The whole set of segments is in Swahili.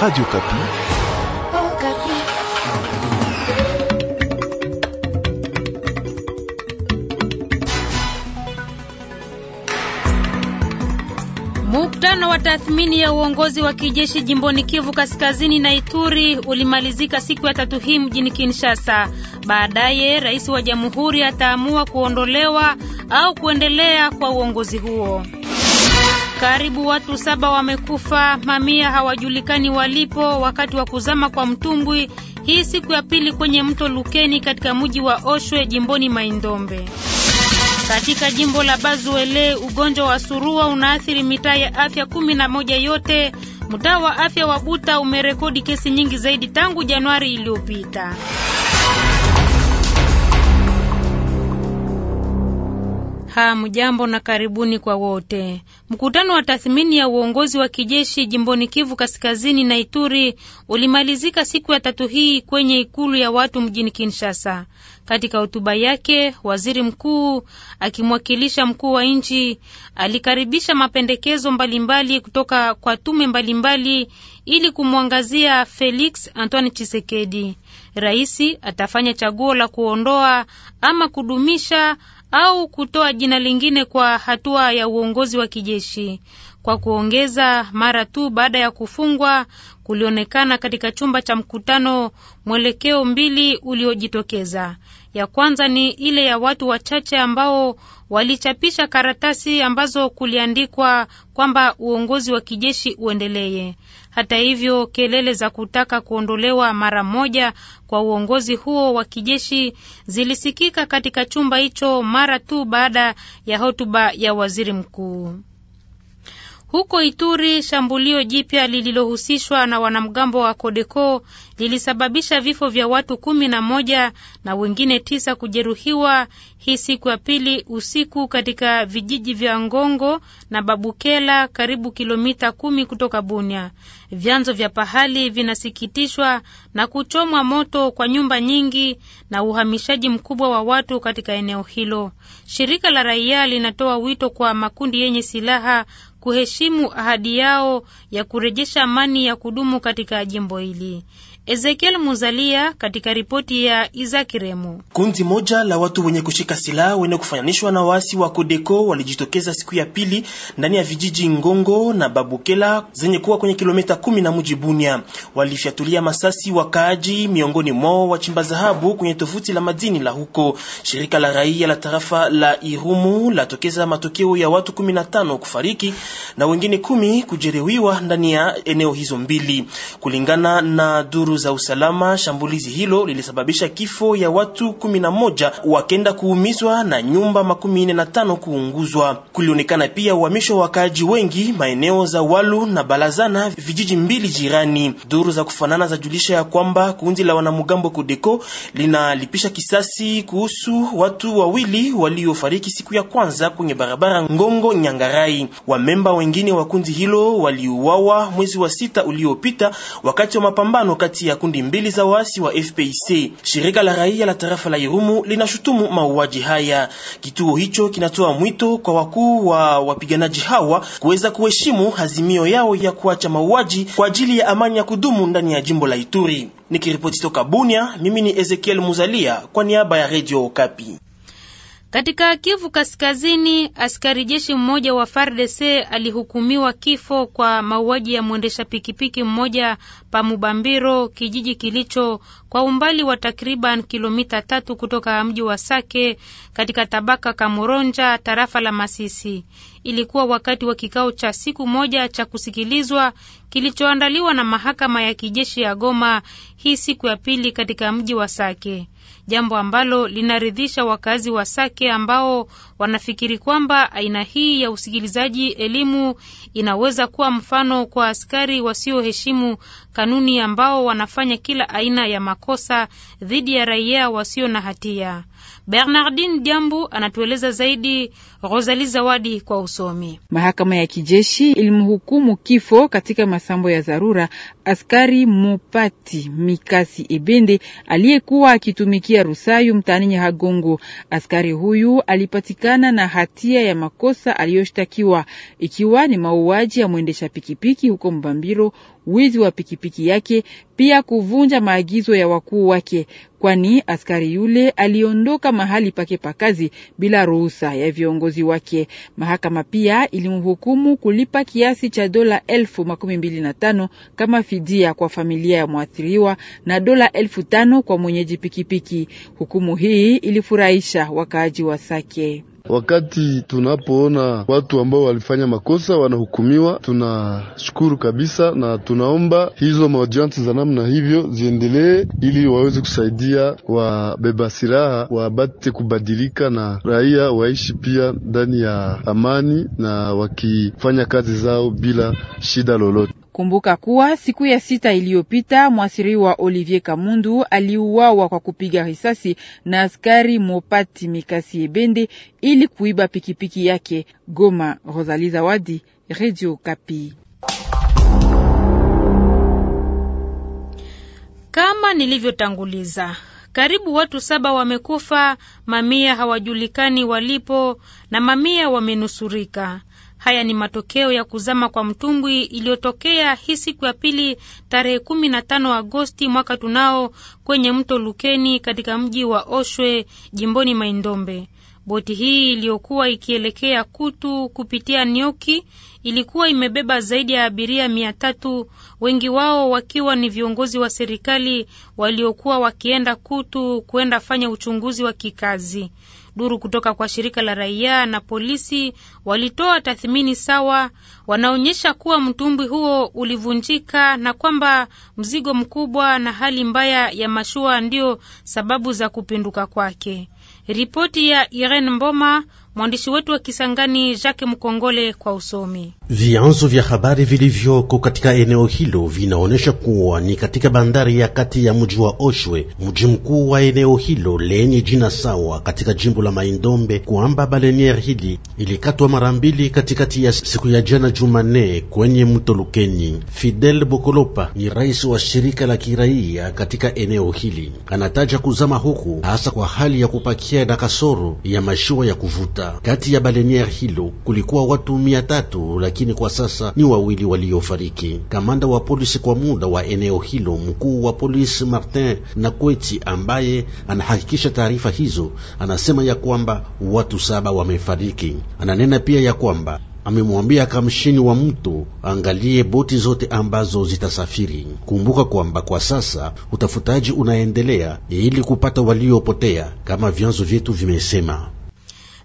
Radio Kapi. Oh, Kapi. Mkutano wa tathmini ya uongozi wa kijeshi jimboni Kivu Kaskazini na Ituri ulimalizika siku ya tatu hii mjini Kinshasa. Baadaye rais wa jamhuri ataamua kuondolewa au kuendelea kwa uongozi huo. Karibu watu saba wamekufa, mamia hawajulikani walipo wakati wa kuzama kwa mtumbwi hii siku ya pili kwenye mto Lukeni katika mji wa Oshwe jimboni Maindombe. Katika jimbo la Bazuele ugonjwa wa surua unaathiri mitaa ya afya kumi na moja yote. Mtaa wa afya wa Buta umerekodi kesi nyingi zaidi tangu Januari iliyopita. mjambo na karibuni kwa wote. Mkutano wa tathmini ya uongozi wa kijeshi jimboni Kivu Kaskazini na Ituri ulimalizika siku ya tatu hii kwenye ikulu ya watu mjini Kinshasa. Katika hotuba yake, waziri mkuu akimwakilisha mkuu wa nchi alikaribisha mapendekezo mbalimbali mbali kutoka kwa tume mbalimbali mbali ili kumwangazia Felix Antoine chisekedi Raisi atafanya chaguo la kuondoa ama kudumisha au kutoa jina lingine kwa hatua ya uongozi wa kijeshi. Kwa kuongeza, mara tu baada ya kufungwa kulionekana katika chumba cha mkutano mwelekeo mbili uliojitokeza. Ya kwanza ni ile ya watu wachache ambao walichapisha karatasi ambazo kuliandikwa kwamba uongozi wa kijeshi uendeleye hata hivyo, kelele za kutaka kuondolewa mara moja kwa uongozi huo wa kijeshi zilisikika katika chumba hicho mara tu baada ya hotuba ya waziri mkuu. Huko Ituri, shambulio jipya lililohusishwa na wanamgambo wa Kodeko lilisababisha vifo vya watu kumi na moja na wengine tisa kujeruhiwa hii siku ya pili usiku katika vijiji vya Ngongo na Babukela, karibu kilomita kumi kutoka Bunia. Vyanzo vya pahali vinasikitishwa na kuchomwa moto kwa nyumba nyingi na uhamishaji mkubwa wa watu katika eneo hilo. Shirika la raia linatoa wito kwa makundi yenye silaha kuheshimu ahadi yao ya kurejesha amani ya kudumu katika jimbo hili. Ezekiel Muzalia katika ripoti ya Isaac Remo. Kundi moja la watu wenye kushika silaha wenye kufananishwa na waasi wa Kodeko walijitokeza siku ya pili ndani ya vijiji Ngongo na Babukela zenye kuwa kwenye kilomita kumi na mji Bunia. Walifyatulia masasi wakaaji, miongoni mwao wachimba dhahabu kwenye tovuti la madini la huko. Shirika la raia la tarafa la Irumu latokeza matokeo ya watu tano kufariki na wengine kumi kujeruhiwa ndani ya eneo hizo mbili. Kulingana na duru za usalama, shambulizi hilo lilisababisha kifo ya watu kumi na moja wakenda kuumizwa na nyumba makumi nne na tano kuunguzwa. Kulionekana pia uhamisho wa wakaaji wengi maeneo za Walu na Balazana, vijiji mbili jirani. Duru za kufanana zajulisha ya kwamba kundi la wanamgambo Kodeko linalipisha kisasi kuhusu watu wawili waliofariki siku ya kwanza kwenye barabara Ngongo Nyangarai Wamema wanamemba wengine wa kundi hilo waliuawa mwezi wa sita uliopita wakati wa mapambano kati ya kundi mbili za waasi wa FPIC. Shirika la raia la tarafa la Irumu linashutumu mauaji haya. Kituo hicho kinatoa mwito kwa wakuu wa wapiganaji hawa kuweza kuheshimu hazimio yao ya kuacha mauaji kwa ajili ya amani ya kudumu ndani ya jimbo la Ituri. Nikiripoti toka Bunia, mimi ni Ezekiel Muzalia kwa niaba ya Radio Okapi. Katika Kivu Kaskazini, askari jeshi mmoja wa FARDC alihukumiwa kifo kwa mauaji ya mwendesha pikipiki mmoja pa Mubambiro, kijiji kilicho kwa umbali wa takriban kilomita tatu kutoka mji wa Sake katika tabaka Kamuronja, tarafa la Masisi. Ilikuwa wakati wa kikao cha siku moja cha kusikilizwa kilichoandaliwa na mahakama ya kijeshi ya Goma hii siku ya pili katika mji wa Sake jambo ambalo linaridhisha wakazi wa Sake ambao wanafikiri kwamba aina hii ya usikilizaji elimu inaweza kuwa mfano kwa askari wasioheshimu kanuni ambao wanafanya kila aina ya makosa dhidi ya raia wasio na hatia. Bernardine Jambu anatueleza zaidi. Rosali Zawadi kwa usomi. Mahakama ya kijeshi ilimhukumu kifo katika masambo ya dharura askari mupati Mikasi Ebende aliyekuwa akitumikia Rusayu mtaani Nyahagongo. Askari huyu alipatikana na hatia ya makosa aliyoshtakiwa ikiwa ni mauaji ya mwendesha pikipiki huko Mbambiro wizi wa pikipiki yake, pia kuvunja maagizo ya wakuu wake, kwani askari yule aliondoka mahali pake pa kazi bila ruhusa ya viongozi wake. Mahakama pia ilimhukumu kulipa kiasi cha dola elfu makumi mbili na tano kama fidia kwa familia ya mwathiriwa na dola elfu tano kwa mwenyeji pikipiki. Hukumu hii ilifurahisha wakaaji wa Sake. Wakati tunapoona watu ambao walifanya makosa wanahukumiwa, tunashukuru kabisa, na tunaomba hizo maojiansi za namna hivyo ziendelee ili waweze kusaidia wabeba silaha wabate kubadilika na raia waishi pia ndani ya amani na wakifanya kazi zao bila shida lolote. Kumbuka kuwa siku ya sita iliyopita mwasiriwa Olivier Kamundu aliuawa kwa kupiga risasi na askari Mopati Mikasi Ebende ili kuiba pikipiki yake. Goma, rosali Zawadi, Radio Kapi. Kama nilivyotanguliza, karibu watu saba wamekufa, mamia hawajulikani walipo na mamia wamenusurika. Haya ni matokeo ya kuzama kwa mtumbwi iliyotokea hii siku ya pili tarehe 15 Agosti mwaka tunao kwenye mto Lukeni katika mji wa Oshwe jimboni Maindombe. Boti hii iliyokuwa ikielekea Kutu kupitia Nioki ilikuwa imebeba zaidi ya abiria mia tatu, wengi wao wakiwa ni viongozi wa serikali waliokuwa wakienda Kutu kuenda fanya uchunguzi wa kikazi. Duru kutoka kwa shirika la raia na polisi walitoa tathmini sawa, wanaonyesha kuwa mtumbwi huo ulivunjika na kwamba mzigo mkubwa na hali mbaya ya mashua ndiyo sababu za kupinduka kwake. Ripoti ya Irene Mboma Mwandishi wetu wa Kisangani Jacques Mkongole kwa usomi. Vianzo vya habari vilivyoko katika eneo hilo vinaonyesha kuwa ni katika bandari ya kati ya mji wa Oshwe, mji mkuu wa eneo hilo lenye jina sawa katika jimbo la Maindombe, kwamba baleniere hili ilikatwa mara mbili katikati ya siku ya jana Jumanne kwenye mto Lukenyi. Fidel Bokolopa ni rais wa shirika la kiraia katika eneo hili, anataja kuzama huku hasa kwa hali ya kupakia na kasoro ya mashua ya kuvuta sita. Kati ya balenier hilo kulikuwa watu mia tatu, lakini kwa sasa ni wawili waliofariki. Kamanda wa polisi kwa muda wa eneo hilo, mkuu wa polisi Martin Nakweti, ambaye anahakikisha taarifa hizo, anasema ya kwamba watu saba wamefariki. Ananena pia ya kwamba amemwambia kamshini wa mto angalie boti zote ambazo zitasafiri. Kumbuka kwamba kwa sasa utafutaji unaendelea ili kupata waliopotea kama vyanzo vyetu vimesema.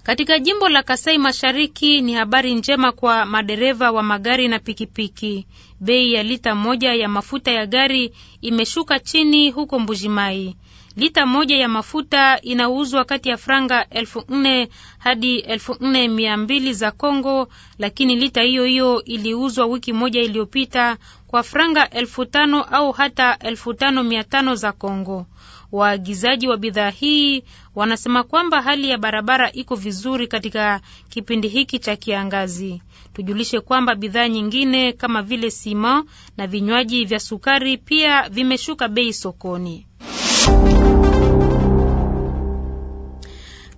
Katika jimbo la Kasai Mashariki ni habari njema kwa madereva wa magari na pikipiki. Bei ya lita moja ya mafuta ya gari imeshuka chini huko Mbujimai. Lita moja ya mafuta inauzwa kati ya franga elfu nne hadi elfu nne mia mbili za Congo, lakini lita hiyo hiyo iliuzwa wiki moja iliyopita kwa franga elfu tano au hata elfu tano mia tano za Congo. Waagizaji wa bidhaa hii wanasema kwamba hali ya barabara iko vizuri katika kipindi hiki cha kiangazi. Tujulishe kwamba bidhaa nyingine kama vile sima na vinywaji vya sukari pia vimeshuka bei sokoni.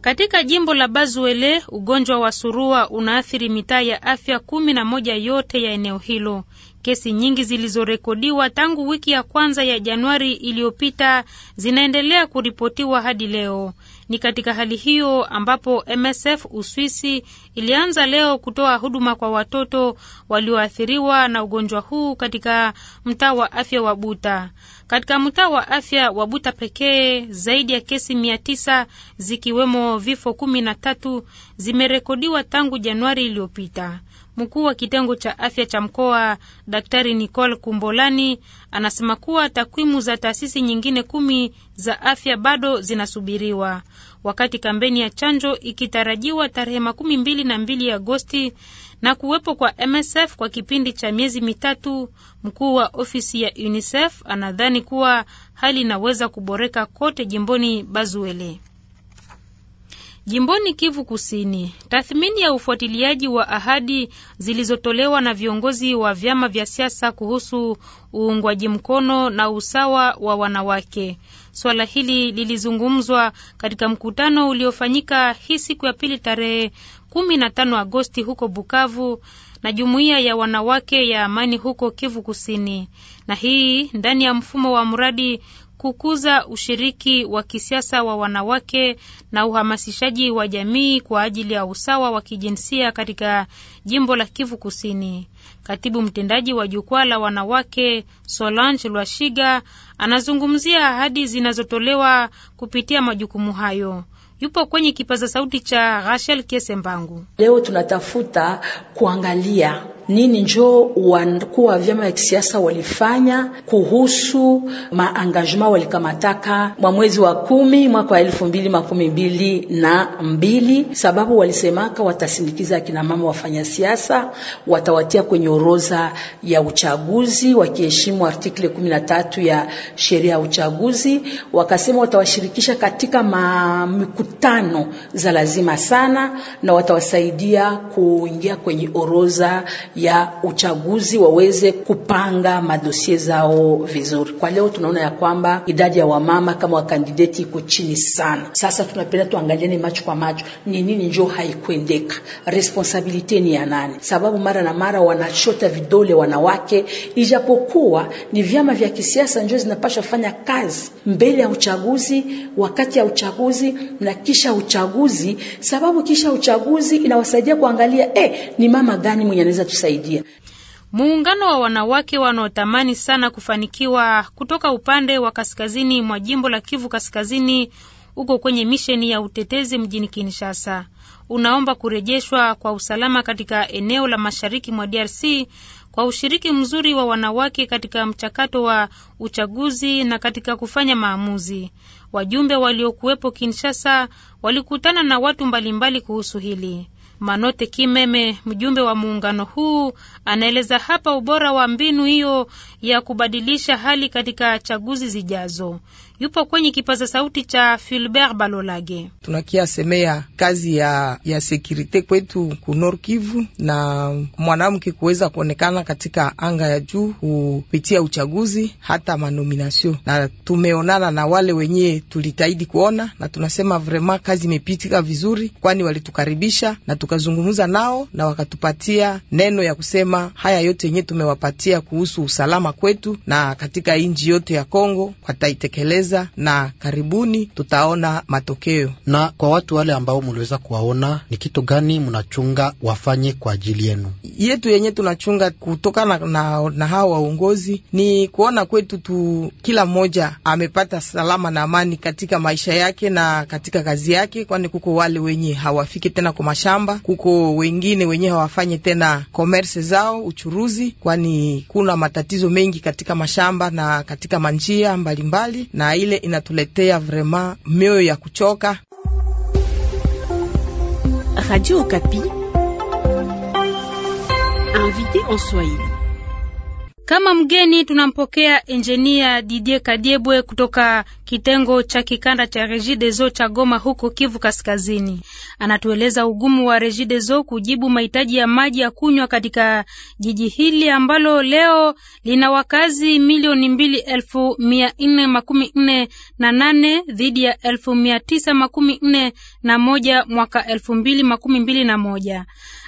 Katika jimbo la Bazuele ugonjwa wa surua unaathiri mitaa ya afya kumi na moja yote ya eneo hilo. Kesi nyingi zilizorekodiwa tangu wiki ya kwanza ya Januari iliyopita zinaendelea kuripotiwa hadi leo. Ni katika hali hiyo ambapo MSF Uswisi ilianza leo kutoa huduma kwa watoto walioathiriwa na ugonjwa huu katika mtaa wa afya wa Buta. Katika mtaa wa afya wa Buta pekee zaidi ya kesi mia tisa zikiwemo vifo kumi na tatu zimerekodiwa tangu Januari iliyopita. Mkuu wa kitengo cha afya cha mkoa Daktari Nicole Kumbolani anasema kuwa takwimu za taasisi nyingine kumi za afya bado zinasubiriwa. Wakati kampeni ya chanjo ikitarajiwa tarehe makumi mbili na mbili Agosti na kuwepo kwa MSF kwa kipindi cha miezi mitatu, mkuu wa ofisi ya UNICEF anadhani kuwa hali inaweza kuboreka kote jimboni Bazuele. Jimboni Kivu Kusini, tathmini ya ufuatiliaji wa ahadi zilizotolewa na viongozi wa vyama vya siasa kuhusu uungwaji mkono na usawa wa wanawake. Swala hili lilizungumzwa katika mkutano uliofanyika hii siku ya pili tarehe 15 Agosti huko Bukavu na jumuiya ya wanawake ya amani huko Kivu Kusini, na hii ndani ya mfumo wa mradi kukuza ushiriki wa kisiasa wa wanawake na uhamasishaji wa jamii kwa ajili ya usawa wa kijinsia katika jimbo la Kivu Kusini. Katibu mtendaji wa jukwaa la wanawake Solange Lwashiga anazungumzia ahadi zinazotolewa kupitia majukumu hayo. Yupo kwenye kipaza sauti cha Rachel Kesembangu. Leo tunatafuta kuangalia nini njo wakuu wa vyama vya kisiasa walifanya kuhusu maangajema walikamataka mwa mwezi wa kumi mwaka wa elfu mbili makumi mbili na mbili sababu walisemaka watasindikiza akina mama wafanya siasa, watawatia kwenye orodha ya uchaguzi wakiheshimu artikle tatu ya sheria ya uchaguzi. Wakasema watawashirikisha katika mikutano za lazima sana na watawasaidia kuingia kwenye orodha ya uchaguzi waweze kupanga madosie zao vizuri. Kwa leo tunaona ya kwamba idadi ya wamama kama wakandideti iko chini sana. Sasa tunapenda tuangaliane macho kwa macho, ni nini njo haikuendeka responsabilite ni ya nani? Sababu mara na mara wanashota vidole wanawake, ijapokuwa ni vyama vya kisiasa njo zinapasha fanya kazi mbele ya uchaguzi, wakati ya uchaguzi na kisha uchaguzi, sababu kisha uchaguzi inawasaidia kuangalia eh, ni mama gani mwenye anaweza tusaidia kutusaidia. Muungano wa wanawake wanaotamani sana kufanikiwa kutoka upande wa kaskazini mwa jimbo la Kivu Kaskazini uko kwenye misheni ya utetezi mjini Kinshasa. Unaomba kurejeshwa kwa usalama katika eneo la mashariki mwa DRC kwa ushiriki mzuri wa wanawake katika mchakato wa uchaguzi na katika kufanya maamuzi. Wajumbe waliokuwepo Kinshasa walikutana na watu mbalimbali kuhusu hili. Manote Kimeme, mjumbe wa muungano huu, anaeleza hapa ubora wa mbinu hiyo ya kubadilisha hali katika chaguzi zijazo yupo kwenye kipaza sauti cha Fulbert Balolage. Tunakia semea kazi ya, ya sekirite kwetu ku Nord Kivu na mwanamke kuweza kuonekana katika anga ya juu kupitia uchaguzi hata manominasio, na tumeonana na wale wenyewe tulitaidi kuona, na tunasema vrema kazi imepitika vizuri, kwani walitukaribisha na tukazungumza nao na wakatupatia neno ya kusema haya yote yenyewe tumewapatia kuhusu usalama kwetu na katika nji yote ya Kongo wataitekeleza kucheza, na karibuni tutaona matokeo. Na kwa watu wale ambao mliweza kuwaona, ni kitu gani mnachunga wafanye kwa ajili yenu? Yetu yenye tunachunga kutokana na, na, na hawa waongozi ni kuona kwetu tu kila mmoja amepata salama na amani katika maisha yake na katika kazi yake, kwani kuko wale wenye hawafiki tena kwa mashamba, kuko wengine wenye hawafanye tena komerse zao uchuruzi, kwani kuna matatizo mengi katika mashamba na katika manjia mbalimbali na ile inatuletea vraiment mioyo ya kuchoka. Radio Okapi invité en Swahili kama mgeni tunampokea enjinia Didier Kadiebwe kutoka kitengo cha kikanda cha Regideso cha Goma huko Kivu Kaskazini. Anatueleza ugumu wa Regideso kujibu mahitaji ya maji ya kunywa katika jiji hili ambalo leo lina wakazi milioni mbili elfu mia nne makumi nne na nane dhidi ya elfu mia tisa makumi nne na moja mwaka elfu mbili makumi mbili na moja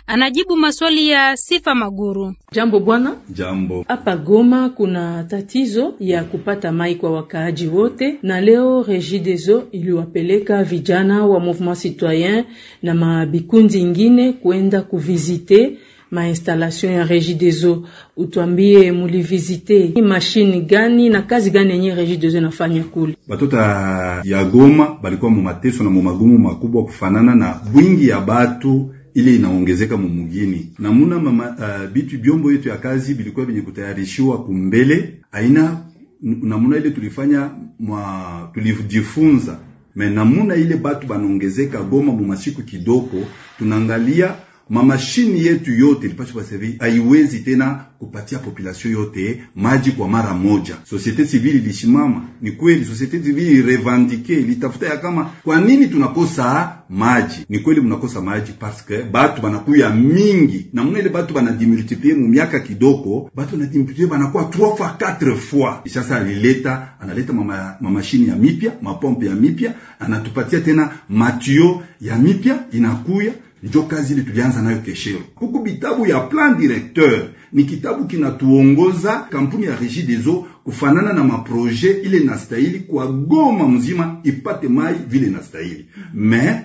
anajibu maswali ya Sifa Maguru. Jambo bwana. Jambo. Hapa Goma kuna tatizo ya kupata mai kwa wakaaji wote, na leo Regideso iliwapeleka vijana wa Mouvement Citoyen na mabikundi ingine kwenda kuvizite mainstallation ya Regideso. Utwambie mulivizite ni mashine gani na kazi gani yenye Regideso inafanya kule? Batota ya Goma balikuwa mumateso na mumagumu makubwa kufanana na bwingi ya batu ile inaongezeka mumugini namuna mama uh, bitu byombo yetu ya kazi bilikuwa vyenye kutayarishiwa kumbele aina namuna ile tulifanya mwa, tulijifunza me namuna ile batu banaongezeka Goma mumasiku kidogo tunaangalia mamashini yetu yote ilipashwa servir haiwezi tena kupatia population yote maji kwa mara moja. Societe civile ilishimama, ni kweli. Societe civile ilirevandike, ilitafuta ya kama kwa nini tunakosa maji. Ni kweli mnakosa maji parce batu banakuya mingi na mnele, batu banadimultiplie mu miaka kidogo, batu banadimultiplie banakuwa 3 fois 4 fois. Sasa alileta analeta mama, mamashini ya mipya mapompe ya mipya, anatupatia tena matio ya mipya inakuya njo kazi ile tulianza nayo keshero. Huku bitabu ya plan directeur ni kitabu kinatuongoza kampuni ya Regie des Eaux kufanana na maproje ile nastahili kwa Goma mzima ipate mai vile nastahili me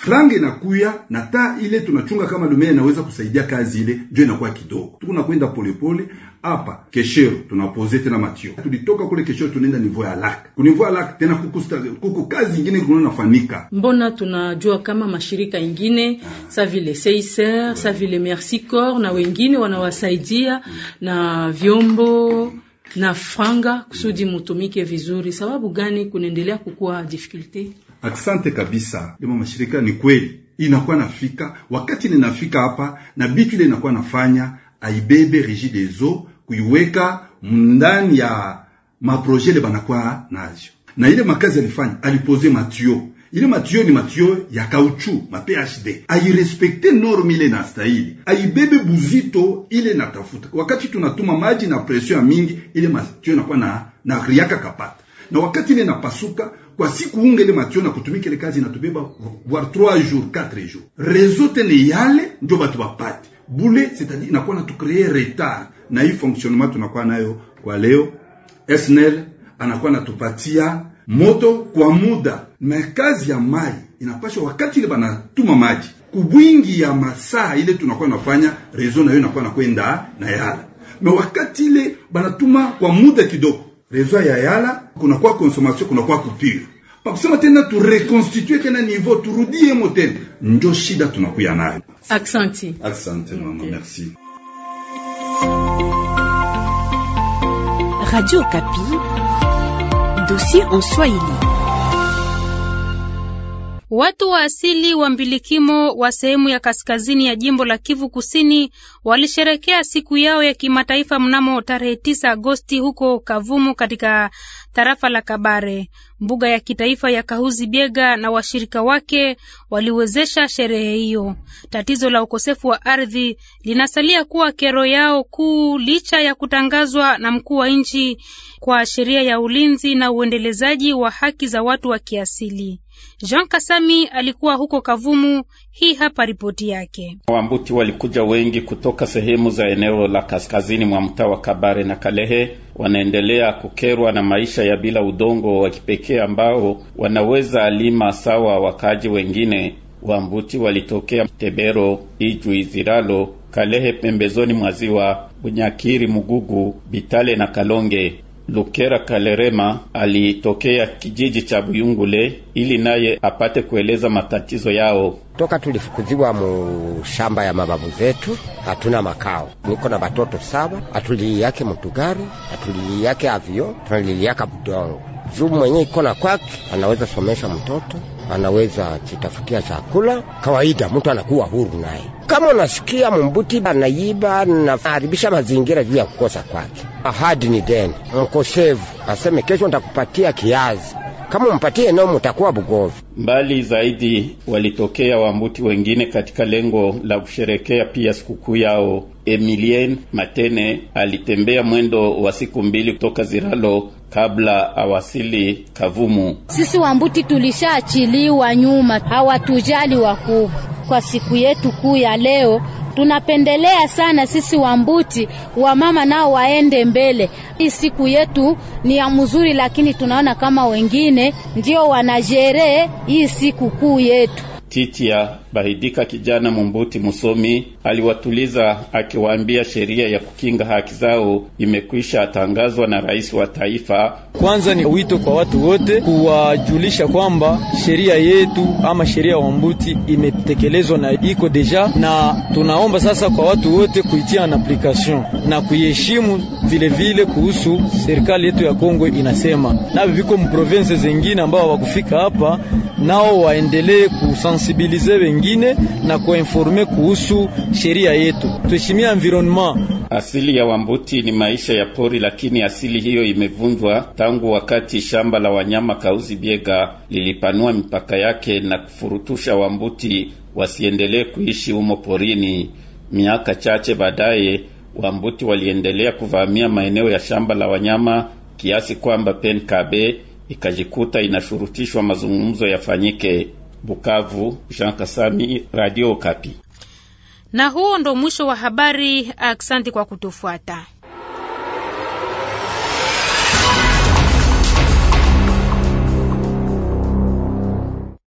frange inakuya na taa ile tunachunga kama lumea inaweza kusaidia kazi ile, ndio inakuwa kidogo. Tuko nakwenda polepole hapa. Keshero tunapoze tena matio, tulitoka kule Keshero tunaenda nivo ya lak kunivo ya lak tena kukusta, kuku kazi ingine kuna nafanika. Mbona tunajua kama mashirika ingine ah. sa vile Seiser sa vile Merci cor na wengine wanawasaidia mm. na vyombo na franga kusudi mutumike vizuri. Sababu gani kunaendelea kukua difficulty? Aksante kabisa demo mashirika, ni kweli inakuwa nafika wakati ninafika hapa na bitu ile inakuwa nafanya aibebe regie dezo eaux kuiweka mndani ya maproje ile banakuwa nazo, na ile makazi alifanya alipoze matio ile matio ni matio ya kauchu ma PhD, airespekte norme ile na stahili, aibebe buzito ile natafuta. Wakati tunatuma maji na presio ya mingi, ile matio inakuwa na, na riaka kapata, na wakati ile napasuka kwa siku unge ile matio na kutumika ile kazi inatubeba war 3 jours 4 jours, rezote tene yale ndio batu bapate bule, c'est-à-dire inakuwa na tukree retard na hii fonctionnement tunakuwa nayo kwa leo. SNL anakuwa natupatia moto kwa muda na kazi ya mai inapasha wakati ile banatuma maji kubwingi ya masaa ile tunakuwa nafanya rezo nayo inakuwa nakwenda na yala na wakati ile banatuma kwa muda kidogo rezo ya yala kunakuwa consommation, kunakuwa coupure, pakusema tena turekonstitue tena niveau, turudie motena, njo shida tunakuya nayo. Asante, asante mama, merci. Radio Kapi, dossier en Swahili. Watu wa asili wa mbilikimo wa sehemu ya kaskazini ya jimbo la Kivu Kusini walisherekea siku yao ya kimataifa mnamo tarehe 9 Agosti huko Kavumu katika tarafa la Kabare. Mbuga ya kitaifa ya Kahuzi Biega na washirika wake waliwezesha sherehe hiyo. Tatizo la ukosefu wa ardhi linasalia kuwa kero yao kuu licha ya kutangazwa na mkuu wa nchi kwa sheria ya ulinzi na uendelezaji wa haki za watu wa kiasili. Jean Kasami alikuwa huko Kavumu. Hii hapa ripoti yake. Wambuti walikuja wengi kutoka sehemu za eneo la kaskazini mwa mtaa wa Kabare na Kalehe, wanaendelea kukerwa na maisha ya bila udongo wa kipekee ambao wanaweza alima sawa wakaji wengine. Wambuti walitokea Tebero, Ijwi, Ziralo, Kalehe, pembezoni mwa ziwa Bunyakiri, Mugugu, Bitale na Kalonge. Lukera Kalerema alitokea kijiji cha Buyungule ili naye apate kueleza matatizo yao. Toka tulifukuziwa mu shamba ya mababu zetu, hatuna makao. Niko na batoto saba, atuliyake mutugari, atuliyake avio, tunaliyaka budongo. juu mwenye iko na kwake anaweza somesha mtoto anaweza jitafutia chakula kawaida, mtu anakuwa huru naye. Kama unasikia mumbuti anaiba na haribisha mazingira juu ya kukosa kwake, ahadi ni deni. Mkosevu aseme kesho nitakupatia kiazi kama mpatie eneo mutakuwa Bugovu. Mbali zaidi, walitokea wambuti wengine katika lengo la kusherekea pia sikukuu yao. Emilien Matene alitembea mwendo wa siku mbili kutoka Ziralo kabla awasili Kavumu. Sisi Wambuti tulishaachiliwa nyuma, hawatujali wakubwa. Kwa siku yetu kuu ya leo tunapendelea sana sisi Wambuti, wamama nao waende mbele. Hii siku yetu ni ya mzuri, lakini tunaona kama wengine ndio wanajere hii siku kuu yetu. Titia Bahidika kijana mumbuti musomi aliwatuliza akiwaambia sheria ya kukinga haki zao imekwisha tangazwa na rais wa taifa. Kwanza ni wito kwa watu wote kuwajulisha kwamba sheria yetu ama sheria ya wambuti imetekelezwa na iko deja, na tunaomba sasa kwa watu wote kuitia na application na kuiheshimu vilevile. Kuhusu serikali yetu ya Kongo inasema navyo viko mprovense zengine ambao wakufika hapa nao waendelee kusensibilize wengine wengine na kuinforme kuhusu sheria yetu, tuheshimia environment. Asili ya Wambuti ni maisha ya pori, lakini asili hiyo imevunjwa tangu wakati shamba la wanyama Kauzi Biega lilipanua mipaka yake na kufurutusha Wambuti wasiendelee kuishi humo porini. Miaka chache baadaye, Wambuti waliendelea kuvamia maeneo ya shamba la wanyama kiasi kwamba Penkabe ikajikuta inashurutishwa mazungumzo yafanyike. Bukavu, Jean Kasami, Radio Kapi. Na huo ndo mwisho wa habari. Aksanti kwa kutufuata.